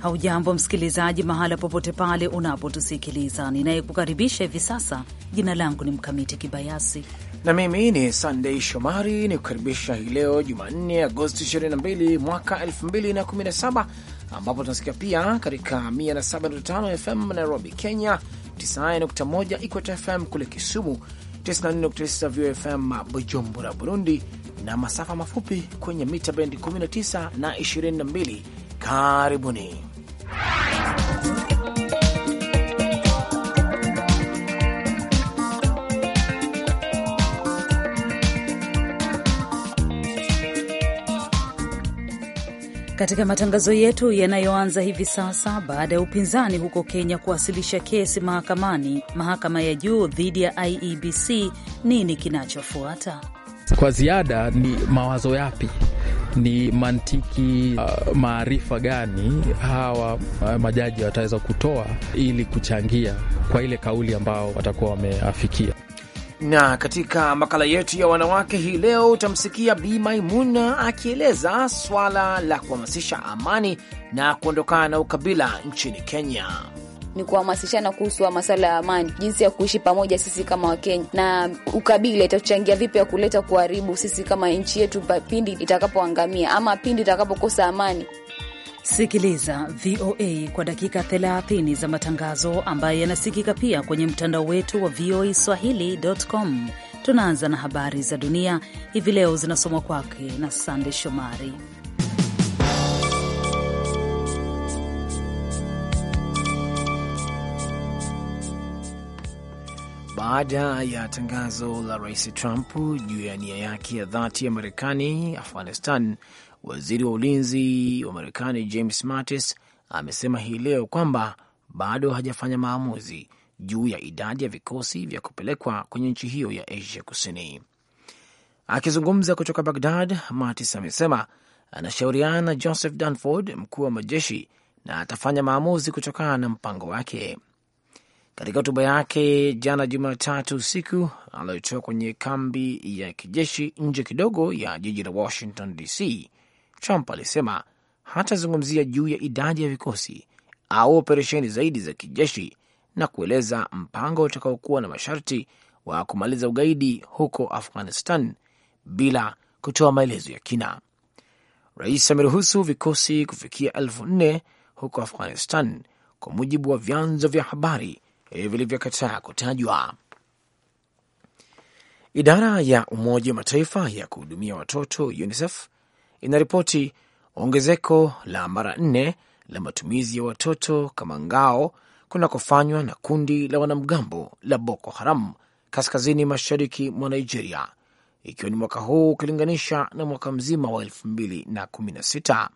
Haujambo msikilizaji, mahala popote pale unapotusikiliza. Ninayekukaribisha hivi sasa, jina langu ni Mkamiti Kibayasi na mimi ni Sandei Shomari ni kukaribisha hii leo Jumanne, Agosti 22 mwaka 2017, ambapo tunasikia pia katika 107.5 FM Nairobi, Kenya, 91 Ikweta FM kule Kisumu, 94.9 VOFM Bujumbura, Burundi, na masafa mafupi kwenye mita bendi 19 na 22. Karibuni. Katika matangazo yetu yanayoanza hivi sasa, baada ya upinzani huko Kenya kuwasilisha kesi mahakamani, mahakama ya juu dhidi ya IEBC, nini kinachofuata? Kwa ziada ni mawazo yapi ni mantiki uh, maarifa gani hawa uh, majaji wataweza kutoa ili kuchangia kwa ile kauli ambao watakuwa wameafikia. Na katika makala yetu ya wanawake hii leo utamsikia Bi Maimuna akieleza swala la kuhamasisha amani na kuondokana na ukabila nchini Kenya ni kuhamasishana kuhusu masuala ya amani, jinsi ya kuishi pamoja sisi kama Wakenya, na ukabila itachangia vipi ya kuleta kuharibu sisi kama nchi yetu pindi itakapoangamia ama pindi itakapokosa amani. Sikiliza VOA kwa dakika 30 za matangazo ambayo yanasikika pia kwenye mtandao wetu wa VOA Swahili.com. Tunaanza na habari za dunia hivi leo, zinasomwa kwake na Sande Shomari. Baada ya tangazo la Rais Trump juu ya nia yake ya dhati ya Marekani Afghanistan, waziri wa ulinzi wa Marekani James Mattis amesema hii leo kwamba bado hajafanya maamuzi juu ya idadi ya vikosi vya kupelekwa kwenye nchi hiyo ya Asia Kusini. Akizungumza kutoka Bagdad, Mattis amesema anashauriana na Joseph Dunford, mkuu wa majeshi, na atafanya maamuzi kutokana na mpango wake. Katika hotuba yake jana Jumatatu usiku aliyotoa kwenye kambi ya kijeshi nje kidogo ya jiji la Washington DC, Trump alisema hatazungumzia juu ya idadi ya vikosi au operesheni zaidi za kijeshi na kueleza mpango utakaokuwa na masharti wa kumaliza ugaidi huko Afghanistan bila kutoa maelezo ya kina. Rais ameruhusu vikosi kufikia elfu nne huko Afghanistan, kwa mujibu wa vyanzo vya habari Eh, vilivyokataa kutajwa. Idara ya Umoja wa Mataifa ya kuhudumia watoto UNICEF inaripoti ongezeko la mara nne la matumizi ya watoto kama ngao kunakofanywa na kundi la wanamgambo la Boko Haram kaskazini mashariki mwa Nigeria, ikiwa ni mwaka huu ukilinganisha na mwaka mzima wa sita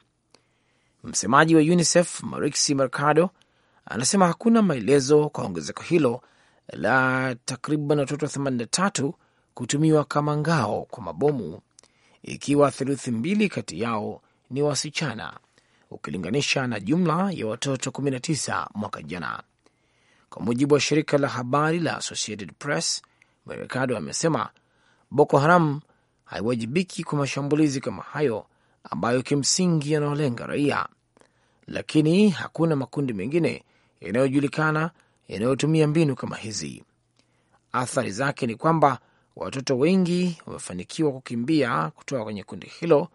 Msemaji wa UNICEF Marixi Mercado anasema hakuna maelezo kwa ongezeko hilo la takriban watoto 83 kutumiwa kama ngao kwa mabomu, ikiwa theluthi mbili kati yao ni wasichana ukilinganisha na jumla ya watoto 19 mwaka jana, kwa mujibu wa shirika la habari la Associated Press. Marekado amesema Boko Haram haiwajibiki kwa mashambulizi kama hayo ambayo kimsingi yanaolenga raia, lakini hakuna makundi mengine yanayojulikana yanayotumia mbinu kama hizi. Athari zake ni kwamba watoto wengi wamefanikiwa kukimbia kutoka kwenye kundi hilo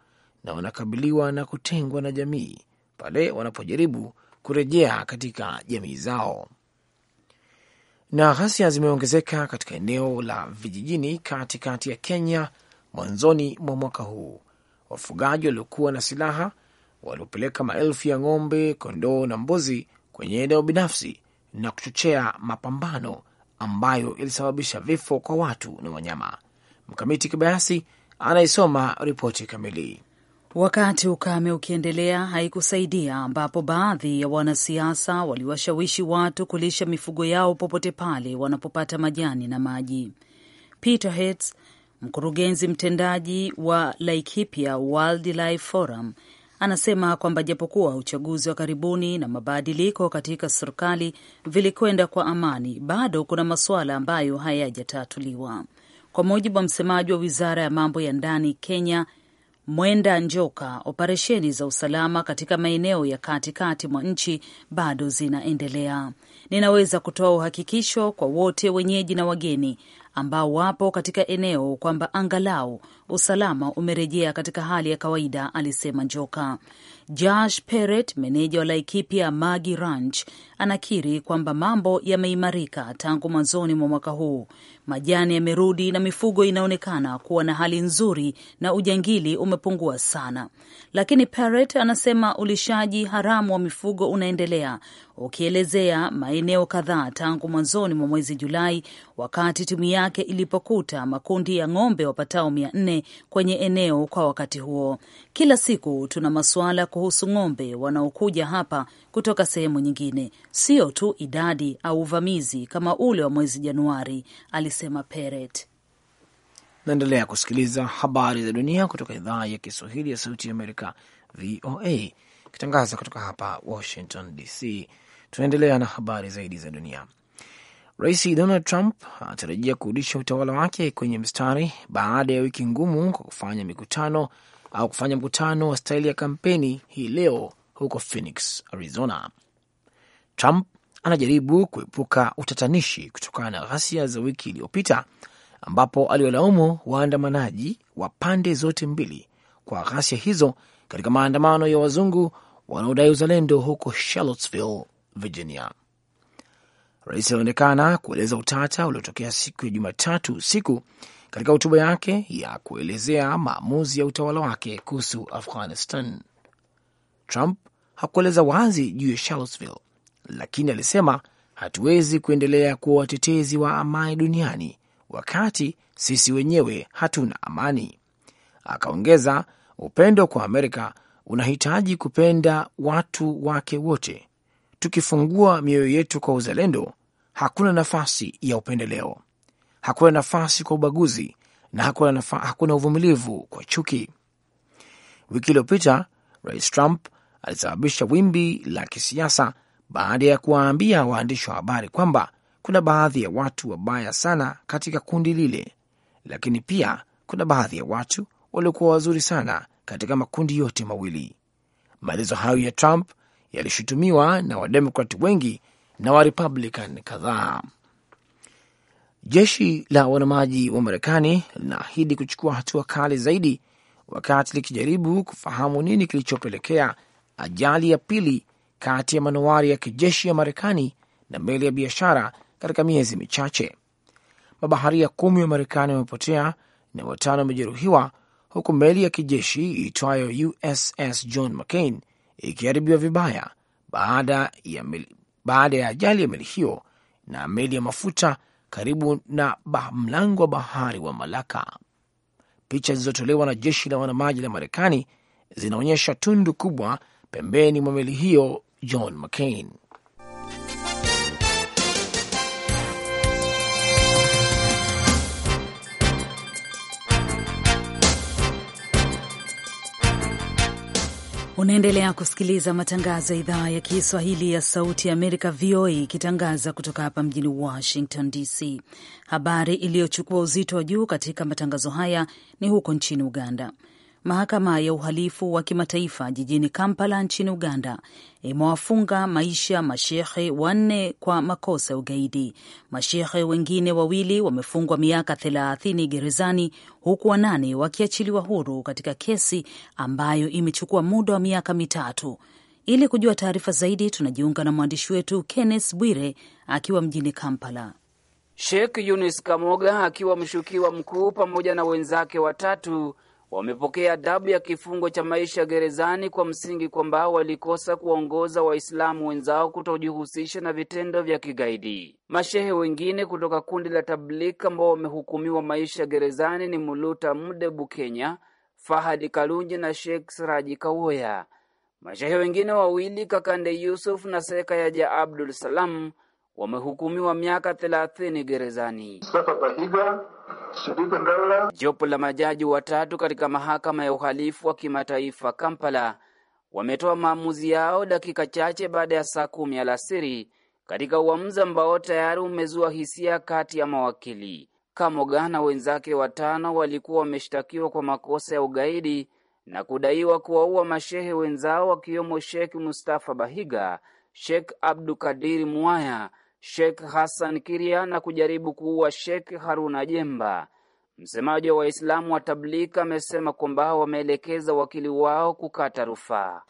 na wanakabiliwa na kutengwa na jamii pale wanapojaribu kurejea katika jamii zao. Na ghasia zimeongezeka katika eneo la vijijini katikati kati ya Kenya mwanzoni mwa mwaka huu. Wafugaji waliokuwa na silaha waliopeleka maelfu ya ng'ombe, kondoo na mbuzi kwenye eneo binafsi na kuchochea mapambano ambayo ilisababisha vifo kwa watu na wanyama. Mkamiti Kibayasi anaisoma ripoti kamili. Wakati ukame ukiendelea haikusaidia, ambapo baadhi ya wanasiasa waliwashawishi watu kulisha mifugo yao popote pale wanapopata majani na maji. Peter Heads, mkurugenzi mtendaji wa Laikipia Wildlife Forum, Anasema kwamba japokuwa uchaguzi wa karibuni na mabadiliko katika serikali vilikwenda kwa amani, bado kuna masuala ambayo hayajatatuliwa. Kwa mujibu wa msemaji wa wizara ya mambo ya ndani Kenya, Mwenda Njoka, operesheni za usalama katika maeneo ya katikati mwa nchi bado zinaendelea. Ninaweza kutoa uhakikisho kwa wote wenyeji na wageni ambao wapo katika eneo kwamba angalau usalama umerejea katika hali ya kawaida, alisema Njoka. Josh Peret, meneja wa Laikipia Magi Ranch, anakiri kwamba mambo yameimarika tangu mwanzoni mwa mwaka huu Majani yamerudi na mifugo inaonekana kuwa na hali nzuri na ujangili umepungua sana, lakini Parrett anasema ulishaji haramu wa mifugo unaendelea, ukielezea maeneo kadhaa tangu mwanzoni mwa mwezi Julai, wakati timu yake ilipokuta makundi ya ng'ombe wapatao mia nne kwenye eneo kwa wakati huo. Kila siku tuna masuala kuhusu ng'ombe wanaokuja hapa kutoka sehemu nyingine, sio tu idadi au uvamizi kama ule wa mwezi Januari, ali alisema Peret. Naendelea kusikiliza habari za dunia kutoka idhaa ya Kiswahili ya Sauti ya Amerika, VOA, ikitangaza kutoka hapa Washington DC. Tunaendelea na habari zaidi za dunia. Rais Donald Trump anatarajia kurudisha utawala wake kwenye mstari baada ya wiki ngumu kwa kufanya mikutano au kufanya mkutano wa staili ya kampeni hii leo huko Phoenix, Arizona. Trump anajaribu kuepuka utatanishi kutokana na ghasia za wiki iliyopita ambapo aliwalaumu waandamanaji wa pande zote mbili kwa ghasia hizo katika maandamano ya wazungu wanaodai uzalendo huko Charlottesville, Virginia. Rais alionekana kueleza utata uliotokea siku ya Jumatatu usiku katika hotuba yake ya kuelezea maamuzi ya utawala wake kuhusu Afghanistan. Trump hakueleza wazi juu ya Charlottesville lakini alisema hatuwezi kuendelea kuwa watetezi wa amani duniani wakati sisi wenyewe hatuna amani. Akaongeza, upendo kwa Amerika unahitaji kupenda watu wake wote. Tukifungua mioyo yetu kwa uzalendo, hakuna nafasi ya upendeleo, hakuna nafasi kwa ubaguzi na hakuna, hakuna uvumilivu kwa chuki. Wiki iliyopita Rais Trump alisababisha wimbi la kisiasa baada ya kuwaambia waandishi wa habari kwamba kuna baadhi ya watu wabaya sana katika kundi lile, lakini pia kuna baadhi ya watu waliokuwa wazuri sana katika makundi yote mawili. Maelezo hayo ya Trump yalishutumiwa na wademokrat wengi na warepublican kadhaa. Jeshi la wanamaji wa Marekani linaahidi kuchukua hatua kali zaidi wakati likijaribu kufahamu nini kilichopelekea ajali ya pili kati ya manowari ya kijeshi ya Marekani na meli ya biashara katika miezi michache. Mabaharia kumi wa Marekani wamepotea na watano wamejeruhiwa huku meli ya kijeshi iitwayo USS John McCain ikiharibiwa vibaya baada ya, meli, baada ya ajali ya meli hiyo na meli ya mafuta karibu na mlango wa bahari wa Malaka. Picha zilizotolewa na jeshi la wanamaji la Marekani zinaonyesha tundu kubwa pembeni mwa meli hiyo John McCain. Unaendelea kusikiliza matangazo ya idhaa ya Kiswahili ya Sauti ya Amerika, VOA, ikitangaza kutoka hapa mjini Washington DC. Habari iliyochukua uzito wa juu katika matangazo haya ni huko nchini Uganda, mahakama ya uhalifu wa kimataifa jijini Kampala nchini Uganda imewafunga maisha mashehe wanne kwa makosa ya ugaidi. Mashehe wengine wawili wamefungwa miaka thelathini gerezani huku wanane wakiachiliwa huru katika kesi ambayo imechukua muda wa miaka mitatu. Ili kujua taarifa zaidi, tunajiunga na mwandishi wetu Kenneth Bwire akiwa mjini Kampala. Sheikh Yunis Kamoga akiwa mshukiwa mkuu pamoja na wenzake watatu wamepokea adhabu ya kifungo cha maisha gerezani kwa msingi kwamba walikosa kuwaongoza Waislamu wenzao kutojihusisha na vitendo vya kigaidi. Mashehe wengine kutoka kundi la Tabliki ambao wamehukumiwa maisha gerezani ni Muluta Mdebu Kenya, Fahadi Kalunji na Sheikh Siraji Kawoya. Mashehe wengine wawili Kakande Yusuf na Seka Yaja Abdul Salam wamehukumiwa miaka 30 gerezani. Mustafa Bahiga Jopo la majaji watatu katika mahakama ya uhalifu wa kimataifa Kampala wametoa maamuzi yao dakika chache baada ya saa kumi alasiri katika uamuzi ambao tayari umezua hisia kati ya mawakili. Kamoga na wenzake watano walikuwa wameshtakiwa kwa makosa ya ugaidi na kudaiwa kuwaua mashehe wenzao wakiwemo Sheikh Mustafa Bahiga, Sheikh Abdukadiri Mwaya Sheikh Hassan Kiria na kujaribu kuua Sheikh Haruna Jemba. Msemaji wa Waislamu wa Tablika amesema kwamba wameelekeza wakili wao kukata rufaa.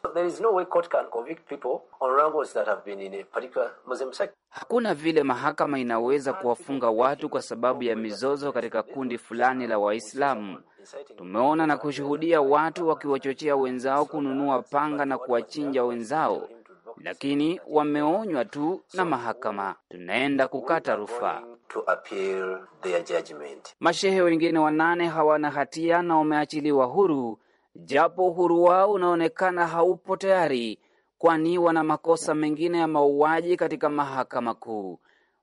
Hakuna vile mahakama inaweza kuwafunga watu kwa sababu ya mizozo katika kundi fulani la Waislamu. Tumeona na kushuhudia watu wakiwachochea wenzao kununua panga na kuwachinja wenzao lakini wameonywa tu na mahakama, tunaenda kukata rufaa. Mashehe wengine wanane hawana hatia na wameachiliwa huru, japo uhuru wao unaonekana haupo tayari, kwani wana makosa mengine ya mauaji katika mahakama kuu.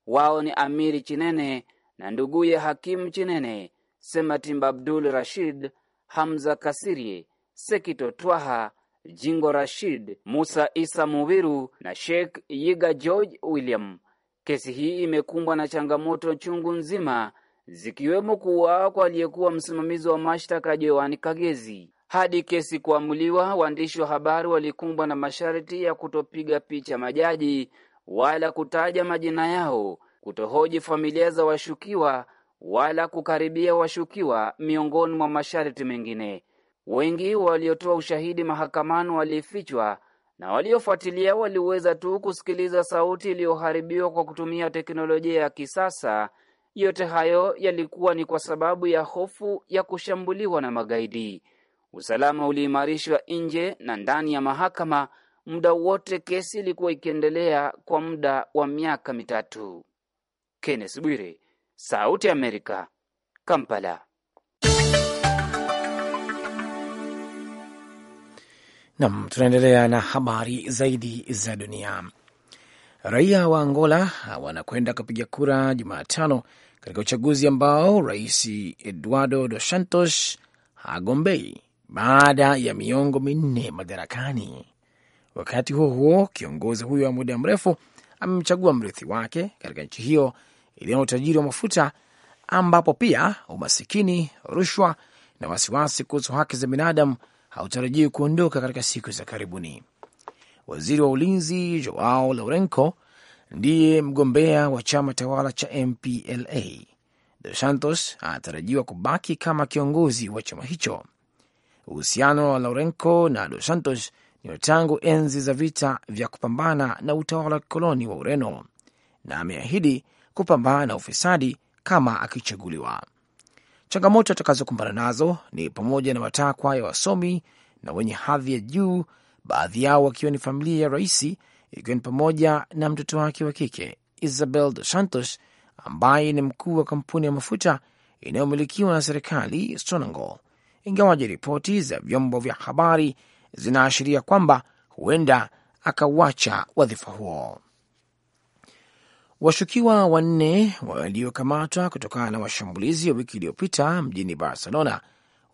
Wao ni Amiri Chinene na nduguye Hakimu Chinene, Sematimba Abdul Rashid, Hamza kasirie Sekito Twaha Jingo Rashid, Musa Isa Muwiru na Sheikh Yiga George William. Kesi hii imekumbwa na changamoto chungu nzima zikiwemo kuuawa kwa aliyekuwa msimamizi wa mashtaka Joan Kagezi. Hadi kesi kuamuliwa, waandishi wa habari walikumbwa na masharti ya kutopiga picha majaji wala kutaja majina yao, kutohoji familia za washukiwa wala kukaribia washukiwa, miongoni mwa masharti mengine. Wengi waliotoa ushahidi mahakamani walifichwa na waliofuatilia waliweza tu kusikiliza sauti iliyoharibiwa kwa kutumia teknolojia ya kisasa. Yote hayo yalikuwa ni kwa sababu ya hofu ya kushambuliwa na magaidi. Usalama uliimarishwa nje na ndani ya mahakama muda wote kesi ilikuwa ikiendelea kwa muda wa miaka mitatu. Kenneth Bwire, Sauti ya Amerika, Kampala. Nam, tunaendelea na habari zaidi za dunia. Raia wa Angola wanakwenda kupiga kura Jumatano katika uchaguzi ambao rais Eduardo Dos Santos hagombei baada ya miongo minne madarakani. Wakati huo huo, kiongozi huyo wa muda mrefu amemchagua mrithi wake katika nchi hiyo iliyo na utajiri wa mafuta ambapo pia umasikini, rushwa na wasiwasi kuhusu haki za binadamu hautarajii kuondoka katika siku za karibuni. Waziri wa ulinzi Joao Lourenco ndiye mgombea wa chama tawala cha MPLA. Dos Santos anatarajiwa kubaki kama kiongozi wa chama hicho. Uhusiano wa Lourenco na Dos Santos ni tangu enzi za vita vya kupambana na utawala wa kikoloni wa Ureno, na ameahidi kupambana na ufisadi kama akichaguliwa. Changamoto atakazokumbana nazo ni pamoja na matakwa ya wasomi na wenye hadhi ya juu, baadhi yao wakiwa ni familia ya rais, ikiwa ni pamoja na mtoto wake wa kike Isabel Dos Santos ambaye ni mkuu wa kampuni ya mafuta inayomilikiwa na serikali Sonangol, ingawaje ripoti za vyombo vya habari zinaashiria kwamba huenda akauacha wadhifa huo. Washukiwa wanne waliokamatwa kutokana na mashambulizi ya wiki iliyopita mjini Barcelona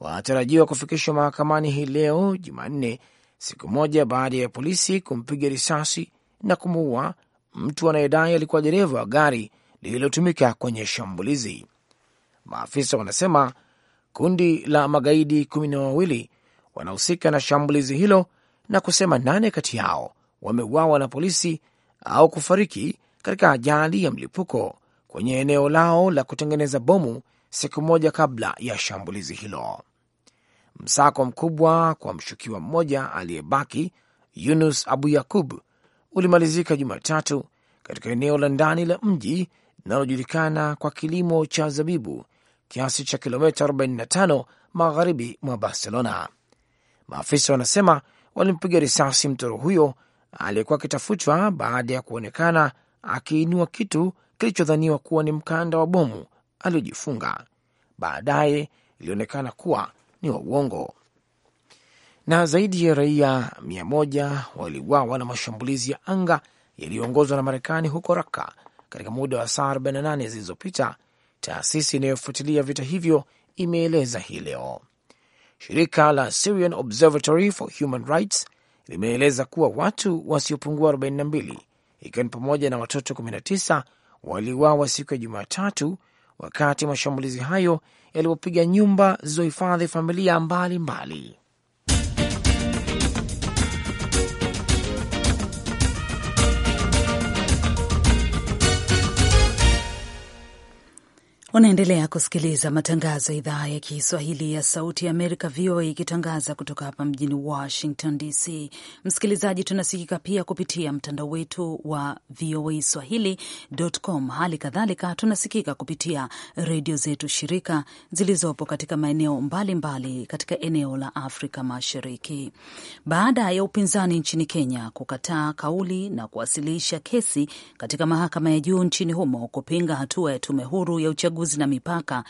wanatarajiwa kufikishwa mahakamani hii leo Jumanne, siku moja baada ya polisi kumpiga risasi na kumuua mtu anayedai alikuwa dereva wa gari lililotumika kwenye shambulizi. Maafisa wanasema kundi la magaidi kumi na wawili wanahusika na shambulizi hilo na kusema nane kati yao wameuawa na polisi au kufariki katika ajali ya mlipuko kwenye eneo lao la kutengeneza bomu siku moja kabla ya shambulizi hilo. Msako mkubwa kwa mshukiwa mmoja aliyebaki Yunus Abu Yakub ulimalizika Jumatatu katika eneo la ndani la mji linalojulikana kwa kilimo cha zabibu kiasi cha kilomita 45 magharibi mwa Barcelona. Maafisa wanasema walimpiga risasi mtoro huyo aliyekuwa akitafutwa baada ya kuonekana akiinua kitu kilichodhaniwa kuwa ni mkanda wa bomu aliojifunga. Baadaye ilionekana kuwa ni wa uongo. Na zaidi ya raia mia moja waliuawa na mashambulizi ya anga yaliyoongozwa na Marekani huko Raka katika muda wa saa 48 zilizopita, taasisi inayofuatilia vita hivyo imeeleza hii leo. Shirika la Syrian Observatory for Human Rights limeeleza kuwa watu wasiopungua 42 ikiwa ni pamoja na watoto 19 waliuawa siku ya Jumatatu wakati mashambulizi hayo yalipopiga nyumba zilizohifadhi familia mbalimbali mbali. Unaendelea kusikiliza matangazo ya idhaa ya Kiswahili ya Sauti ya Amerika, VOA, ikitangaza kutoka hapa mjini Washington DC. Msikilizaji, tunasikika pia kupitia mtandao wetu wa VOA Swahili.com. Hali kadhalika tunasikika kupitia redio zetu shirika zilizopo katika maeneo mbalimbali katika eneo la Afrika Mashariki. Baada ya upinzani nchini Kenya kukataa kauli na kuwasilisha kesi katika mahakama ya juu nchini humo kupinga hatua ya tume huru ya uchaguzi uchaguzi na mipaka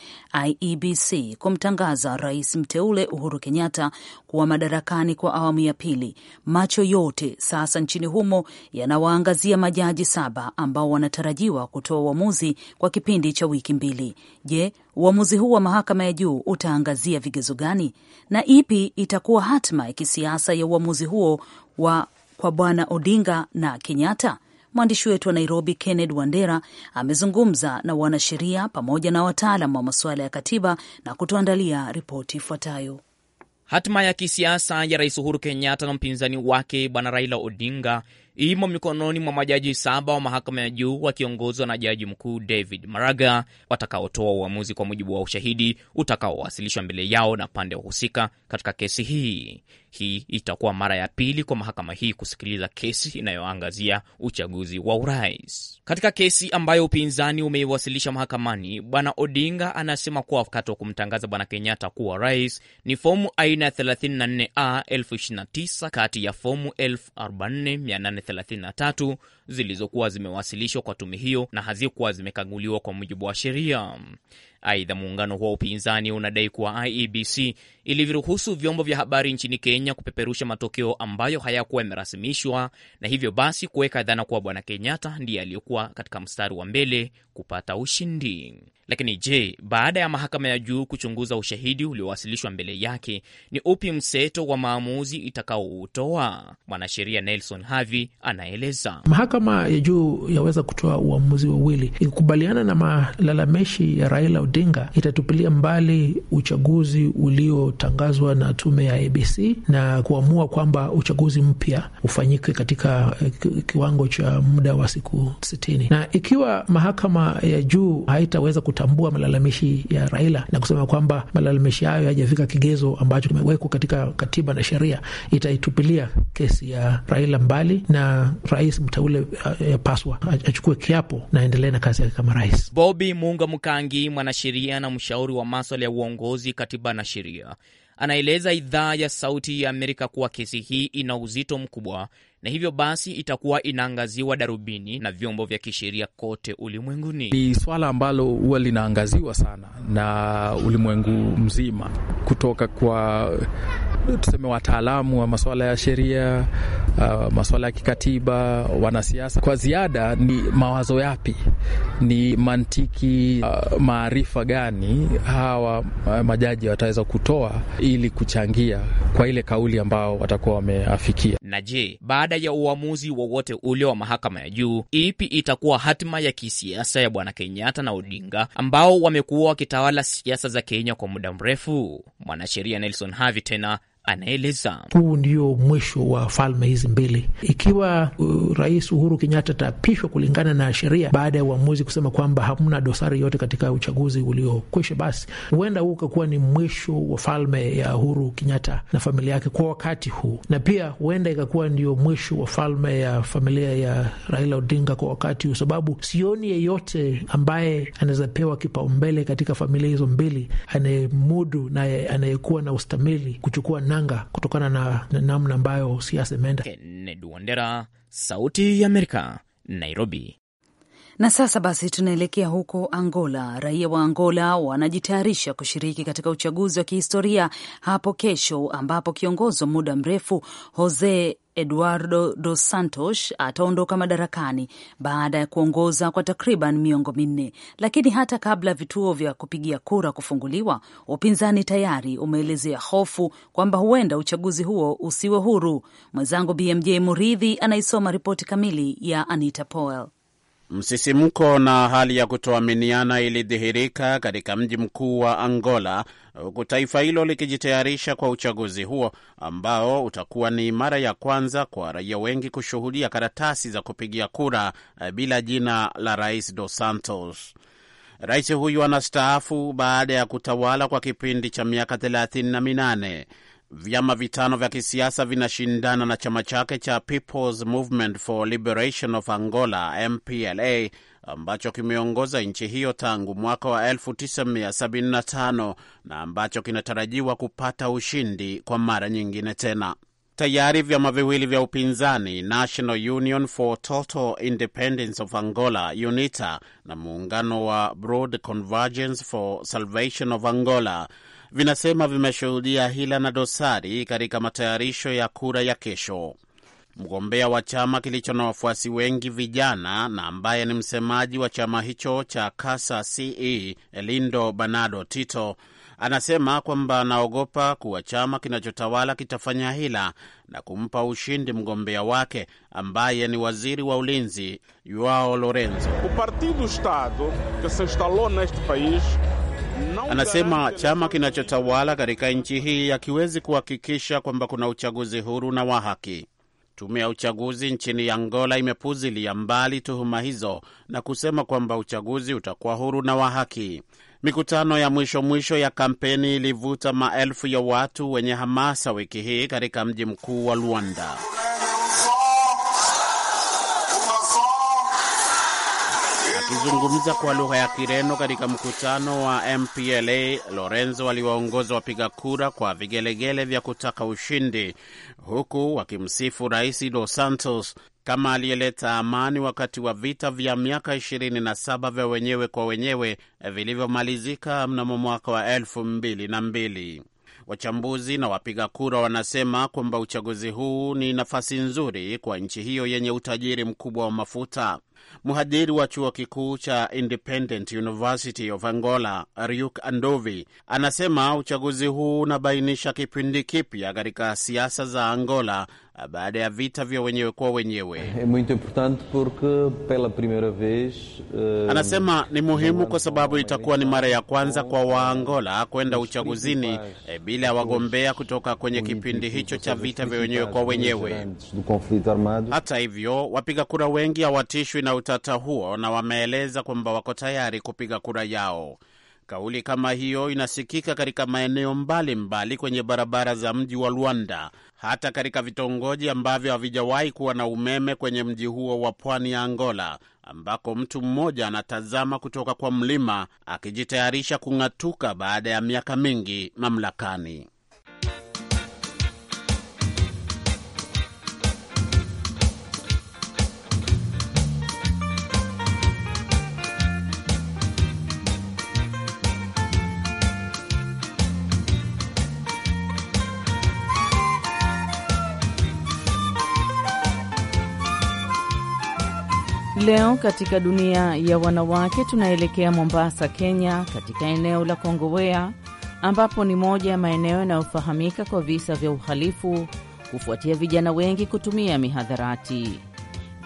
IEBC kumtangaza rais mteule Uhuru Kenyatta kuwa madarakani kwa awamu ya pili, macho yote sasa nchini humo yanawaangazia majaji saba ambao wanatarajiwa kutoa uamuzi kwa kipindi cha wiki mbili. Je, uamuzi huu wa mahakama ya juu utaangazia vigezo gani na ipi itakuwa hatima ya kisiasa ya uamuzi huo wa kwa Bwana Odinga na Kenyatta? Mwandishi wetu wa Nairobi, Kenneth Wandera, amezungumza na wanasheria pamoja na wataalam wa masuala ya katiba na kutuandalia ripoti ifuatayo. Hatima ya kisiasa ya Rais Uhuru Kenyatta na mpinzani wake Bwana Raila Odinga imo mikononi mwa majaji saba wa mahakama ya juu wakiongozwa na Jaji Mkuu David Maraga, watakaotoa uamuzi kwa mujibu wa ushahidi utakaowasilishwa mbele yao na pande husika katika kesi hii. Hii itakuwa mara ya pili kwa mahakama hii kusikiliza kesi inayoangazia uchaguzi wa urais. Katika kesi ambayo upinzani umeiwasilisha mahakamani, Bwana Odinga anasema kuwa wakati wa kumtangaza Bwana Kenyatta kuwa rais ni fomu aina ya 34A 29 kati ya fomu 44833 zilizokuwa zimewasilishwa kwa tume hiyo na hazikuwa zimekaguliwa kwa mujibu wa sheria. Aidha, muungano huo wa upinzani unadai kuwa IEBC iliviruhusu vyombo vya habari nchini Kenya kupeperusha matokeo ambayo hayakuwa yamerasimishwa na hivyo basi kuweka dhana kuwa Bwana Kenyatta ndiye aliyekuwa katika mstari wa mbele kupata ushindi. Lakini je, baada ya mahakama ya juu kuchunguza ushahidi uliowasilishwa mbele yake, ni upi mseto wa maamuzi itakaoutoa? Mwanasheria Nelson Havi anaeleza. Mahakama ya juu yaweza kutoa uamuzi wawili: ikikubaliana na malalamishi ya Raila Odinga, itatupilia mbali uchaguzi uliotangazwa na tume ya ABC na kuamua kwamba uchaguzi mpya ufanyike katika eh, kiwango cha muda wa siku sitini, na ikiwa mahakama ya juu haitaweza kutambua malalamishi ya Raila na kusema kwamba malalamishi hayo hayajafika kigezo ambacho kimewekwa katika katiba na sheria, itaitupilia kesi ya Raila mbali na rais mteule uh, yapaswa achukue kiapo na aendelee na kazi yake kama rais. Bobi Munga Mkangi, mwanasheria na mshauri wa maswala ya uongozi, katiba na sheria anaeleza idhaa ya Sauti ya Amerika kuwa kesi hii ina uzito mkubwa na hivyo basi itakuwa inaangaziwa darubini na vyombo vya kisheria kote ulimwenguni. Ni swala ambalo huwa linaangaziwa sana na ulimwengu mzima kutoka kwa tuseme wataalamu wa masuala ya sheria, uh, masuala ya kikatiba, wanasiasa. Kwa ziada ni mawazo yapi, ni mantiki, uh, maarifa gani hawa uh, majaji wataweza kutoa ili kuchangia kwa ile kauli ambao watakuwa wameafikia. Na je, baada ya uamuzi wowote ule wa mahakama ya juu, ipi itakuwa hatima ya kisiasa ya bwana Kenyatta na Odinga ambao wamekuwa wakitawala siasa za Kenya kwa muda mrefu? Mwanasheria Nelson Havi tena anaeleza huu ndio mwisho wa falme hizi mbili. Ikiwa uh, Rais Uhuru Kenyatta atapishwa kulingana na sheria, baada ya uamuzi kusema kwamba hamna dosari yote katika uchaguzi uliokwisha, basi huenda huu ukakuwa ni mwisho wa falme ya Uhuru Kenyatta na familia yake kwa wakati huu, na pia huenda ikakuwa ndio mwisho wa falme ya familia ya Raila Odinga kwa wakati huu, sababu sioni yeyote ambaye anaweza pewa kipaumbele katika familia hizo mbili anayemudu na anayekuwa na ustamili kuchukua nanga kutokana na namna ambayo siasa imeenda. Kennedy Wandera, Sauti ya Amerika, Nairobi. Na sasa basi tunaelekea huko Angola. Raia wa Angola wanajitayarisha kushiriki katika uchaguzi wa kihistoria hapo kesho, ambapo kiongozi wa muda mrefu Jose Eduardo Dos Santos ataondoka madarakani baada ya kuongoza kwa takriban miongo minne, lakini hata kabla vituo vya kupigia kura kufunguliwa, upinzani tayari umeelezea hofu kwamba huenda uchaguzi huo usiwe huru. Mwenzangu BMJ Muridhi anaisoma ripoti kamili ya Anita Powell. Msisimko na hali ya kutoaminiana ilidhihirika katika mji mkuu wa Angola, huku taifa hilo likijitayarisha kwa uchaguzi huo ambao utakuwa ni mara ya kwanza kwa raia wengi kushuhudia karatasi za kupigia kura eh, bila jina la Rais Dos Santos. Rais huyu anastaafu baada ya kutawala kwa kipindi cha miaka thelathini na minane vyama vitano vya kisiasa vinashindana na chama chake cha People's Movement for Liberation of Angola MPLA ambacho kimeongoza nchi hiyo tangu mwaka wa 1975 na ambacho kinatarajiwa kupata ushindi kwa mara nyingine tena. Tayari vyama viwili vya upinzani National Union for Total Independence of Angola UNITA na muungano wa Broad Convergence for Salvation of Angola vinasema vimeshuhudia hila na dosari katika matayarisho ya kura ya kesho. Mgombea wa chama kilicho na wafuasi wengi vijana na ambaye ni msemaji wa chama hicho cha Kasa Ce Elindo Banado Tito anasema kwamba anaogopa kuwa chama kinachotawala kitafanya hila na kumpa ushindi mgombea wake ambaye ni waziri wa ulinzi yuao Lorenzo. o partido Estado que se instalou neste país Anasema chama kinachotawala katika nchi hii hakiwezi kuhakikisha kwamba kuna uchaguzi huru na wa haki. Tume ya uchaguzi nchini Angola imepuzilia mbali tuhuma hizo na kusema kwamba uchaguzi utakuwa huru na wa haki. Mikutano ya mwisho mwisho ya kampeni ilivuta maelfu ya watu wenye hamasa wiki hii katika mji mkuu wa Luanda. Akizungumza kwa lugha ya Kireno katika mkutano wa MPLA, Lorenzo aliwaongoza wapiga kura kwa vigelegele vya kutaka ushindi, huku wakimsifu Rais Dos Santos kama aliyeleta amani wakati wa vita vya miaka 27 vya wenyewe kwa wenyewe vilivyomalizika mnamo mwaka wa elfu mbili na mbili. Wachambuzi na wapiga kura wanasema kwamba uchaguzi huu ni nafasi nzuri kwa nchi hiyo yenye utajiri mkubwa wa mafuta mhadhiri wa chuo kikuu cha Independent University of Angola, Ryuk Andovi, anasema uchaguzi huu unabainisha kipindi kipya katika siasa za Angola eh, baada ya vita vya wenyewe kwa wenyewe. Eh, anasema ni muhimu kwa sababu itakuwa ni mara ya kwanza kwa Waangola kwenda uchaguzini e, bila ya wagombea kutoka kwenye kipindi hicho cha vita vya wenyewe kwa e wenyewe. Hata hivyo, wapiga kura wengi hawatishwi na na utata huo na wameeleza kwamba wako tayari kupiga kura yao. Kauli kama hiyo inasikika katika maeneo mbalimbali mbali kwenye barabara za mji wa Luanda, hata katika vitongoji ambavyo havijawahi kuwa na umeme kwenye mji huo wa pwani ya Angola, ambako mtu mmoja anatazama kutoka kwa mlima akijitayarisha kung'atuka baada ya miaka mingi mamlakani. Leo katika dunia ya wanawake tunaelekea Mombasa, Kenya, katika eneo la Kongowea ambapo ni moja ya maeneo yanayofahamika kwa visa vya uhalifu kufuatia vijana wengi kutumia mihadharati.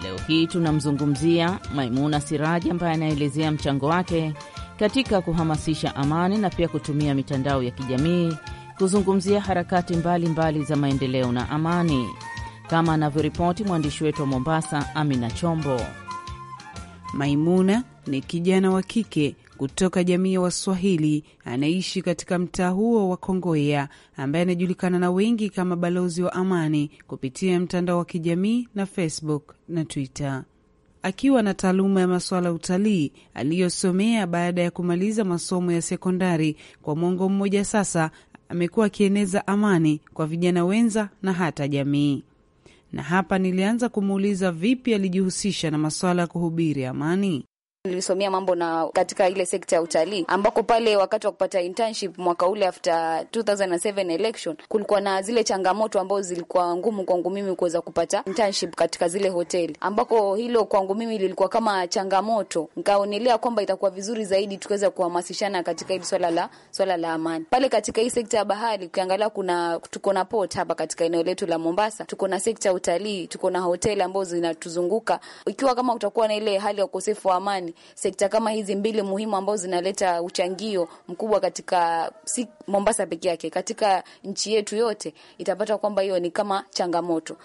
Leo hii tunamzungumzia Maimuna Siraji ambaye anaelezea mchango wake katika kuhamasisha amani na pia kutumia mitandao ya kijamii kuzungumzia harakati mbalimbali mbali za maendeleo na amani, kama anavyoripoti mwandishi wetu wa Mombasa, Amina Chombo. Maimuna ni kijana wa kike kutoka jamii ya Waswahili anaishi katika mtaa huo wa Kongoya, ambaye anajulikana na wengi kama balozi wa amani kupitia mtandao wa kijamii na Facebook na Twitter. Akiwa na taaluma ya masuala ya utalii aliyosomea baada ya kumaliza masomo ya sekondari, kwa mwongo mmoja sasa amekuwa akieneza amani kwa vijana wenza na hata jamii na hapa nilianza kumuuliza vipi alijihusisha na masuala ya kuhubiri amani nilisomea mambo na katika ile sekta ya utalii, ambako pale wakati wa kupata internship mwaka ule after 2007 election kulikuwa na zile changamoto ambazo zilikuwa ngumu kwangu mimi kuweza kupata internship katika zile hoteli, ambako hilo kwangu mimi lilikuwa kama changamoto. Nikaonelea kwamba itakuwa vizuri zaidi tukiweza kuhamasishana katika hili swala la swala la amani pale katika hii sekta ya bahari. Ukiangalia kuna tuko na port hapa katika eneo letu la Mombasa, tuko na sekta ya utalii, tuko na hoteli ambazo zinatuzunguka. Ikiwa kama utakuwa na ile hali ya ukosefu wa amani sekta kama hizi mbili muhimu ambazo zinaleta uchangio mkubwa katika si Mombasa peke yake, katika nchi yetu yote, itapata kwamba hiyo ni kama changamoto.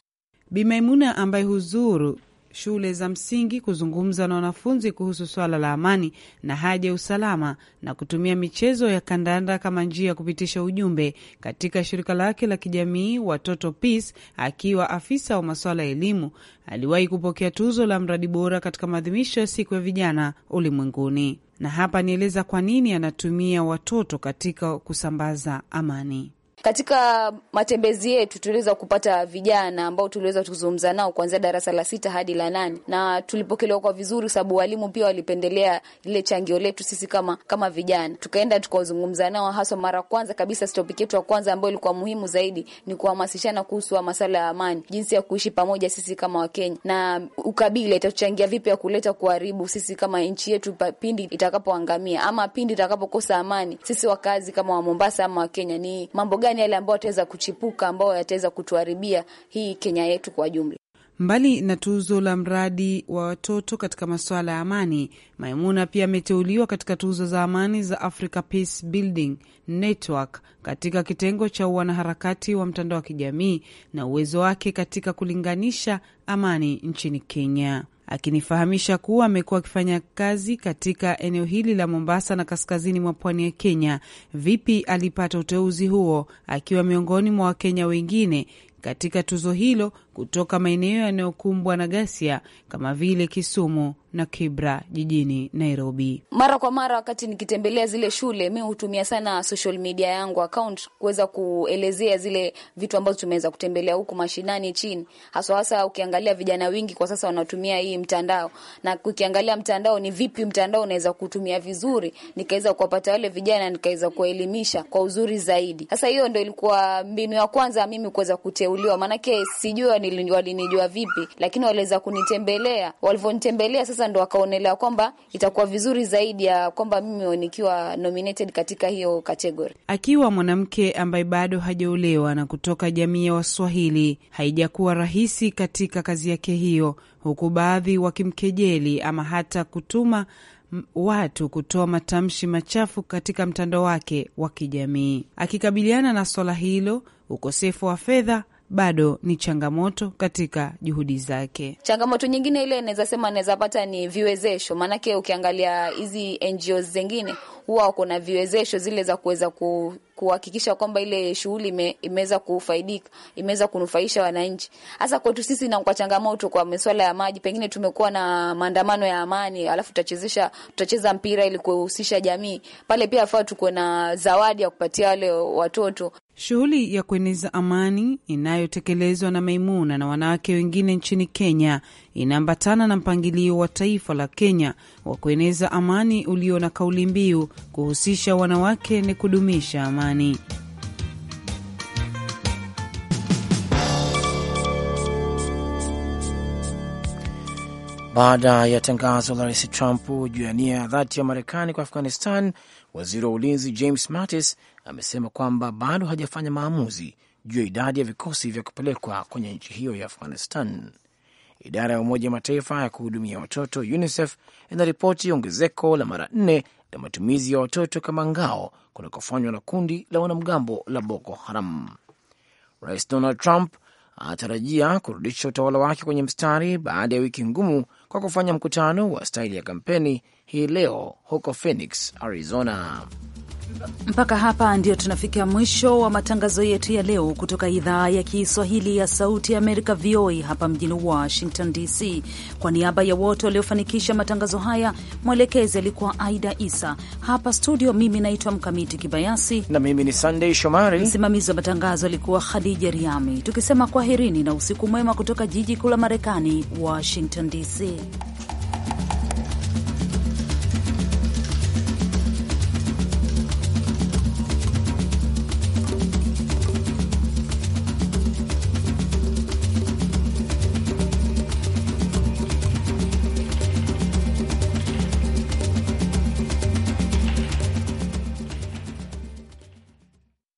Bi Maimuna ambaye huzuru shule za msingi kuzungumza na wanafunzi kuhusu swala la amani na haja ya usalama na kutumia michezo ya kandanda kama njia ya kupitisha ujumbe katika shirika lake la kijamii Watoto Peace. Akiwa afisa wa masuala ya elimu, aliwahi kupokea tuzo la mradi bora katika maadhimisho ya siku ya vijana ulimwenguni, na hapa nieleza kwa nini anatumia watoto katika kusambaza amani. Katika matembezi yetu tuliweza kupata vijana ambao tuliweza kuzungumza nao kuanzia darasa la sita hadi la nane, na tulipokelewa kwa vizuri, sababu walimu pia walipendelea lile changio letu sisi kama kama vijana. Tukaenda tukazungumza nao, haswa mara kwanza kabisa topic yetu ya kwanza ambayo ilikuwa muhimu zaidi ni kuhamasishana kuhusu masala ya amani, jinsi ya kuishi pamoja sisi kama Wakenya, na ukabila itatuchangia vipi ya kuleta kuharibu sisi kama nchi yetu pindi itakapoangamia ama pindi itakapokosa amani, sisi wakazi kama wa Mombasa ama Wakenya, ni mambo gani gani yale ambayo yataweza kuchipuka ambayo yataweza kutuharibia hii Kenya yetu kwa jumla. Mbali na tuzo la mradi wa watoto katika masuala ya amani, Maimuna pia ameteuliwa katika tuzo za amani za Africa Peace Building Network katika kitengo cha wanaharakati wa mtandao wa kijamii na uwezo wake katika kulinganisha amani nchini Kenya akinifahamisha kuwa amekuwa akifanya kazi katika eneo hili la Mombasa na kaskazini mwa pwani ya Kenya. Vipi alipata uteuzi huo akiwa miongoni mwa Wakenya wengine katika tuzo hilo kutoka maeneo yanayokumbwa na ghasia kama vile Kisumu na Kibra jijini Nairobi. Mara kwa mara wakati nikitembelea zile shule, mi hutumia sana social media yangu account kuweza kuelezea zile vitu ambazo tumeweza kutembelea huku mashinani chini, haswa hasa ukiangalia vijana wingi kwa sasa wanatumia hii mtandao, na ukiangalia mtandao ni vipi mtandao unaweza kutumia vizuri, nikaweza kuwapata wale vijana, nikaweza kuwaelimisha kwa uzuri zaidi. Sasa hiyo ndo ilikuwa mbinu ya kwanza mimi kuweza kuteuliwa, maanake sijui walinijua vipi, lakini waliweza kunitembelea. Walivyonitembelea sasa, ndo wakaonelea kwamba itakuwa vizuri zaidi ya kwamba mimi nikiwa nominated katika hiyo kategori. Akiwa mwanamke ambaye bado hajaolewa na kutoka jamii ya Waswahili, haijakuwa rahisi katika kazi yake hiyo, huku baadhi wakimkejeli ama hata kutuma watu kutoa matamshi machafu katika mtandao wake wa kijamii. Akikabiliana na swala hilo, ukosefu wa fedha bado ni changamoto katika juhudi zake. Changamoto nyingine ile naweza sema naweza pata ni viwezesho, maanake ukiangalia hizi NGOs zingine huwa wako na viwezesho zile za kuweza ku kuhakikisha kwamba ile shughuli imeweza kufaidika, imeweza kunufaisha wananchi. Hasa kwetu sisi na kwa changamoto kwa masuala ya maji, pengine tumekuwa na maandamano ya amani, alafu tutachezesha tutacheza mpira ili kuhusisha jamii. Pale pia afaa tuko na zawadi ya kupatia wale watoto. Shughuli ya kueneza amani inayotekelezwa na Maimuna na wanawake wengine nchini Kenya inaambatana na mpangilio wa taifa la Kenya wa kueneza amani ulio na kauli mbiu kuhusisha wanawake ni kudumisha amani. Baada ya tangazo la rais Trump juu ya nia ya dhati ya Marekani kwa Afghanistan, waziri wa ulinzi James Mattis amesema kwamba bado hajafanya maamuzi juu ya idadi ya vikosi vya kupelekwa kwenye nchi hiyo ya Afghanistan. Idara ya Umoja Mataifa ya kuhudumia watoto UNICEF inaripoti ongezeko la mara nne la matumizi ya watoto kama ngao kunakofanywa na kundi la wanamgambo la Boko Haram. Rais Donald Trump anatarajia kurudisha utawala wake kwenye mstari baada ya wiki ngumu kwa kufanya mkutano wa staili ya kampeni hii leo huko Phoenix, Arizona. Mpaka hapa ndio tunafikia mwisho wa matangazo yetu ya leo kutoka idhaa ya Kiswahili ya Sauti ya Amerika, VOA, hapa mjini Washington DC. Kwa niaba ya wote waliofanikisha matangazo haya, mwelekezi alikuwa Aida Isa. Hapa studio, mimi naitwa Mkamiti Kibayasi na mimi ni Sandey Shomari. Msimamizi wa matangazo alikuwa Khadija Riami, tukisema kwaherini na usiku mwema kutoka jiji kuu la Marekani, Washington DC.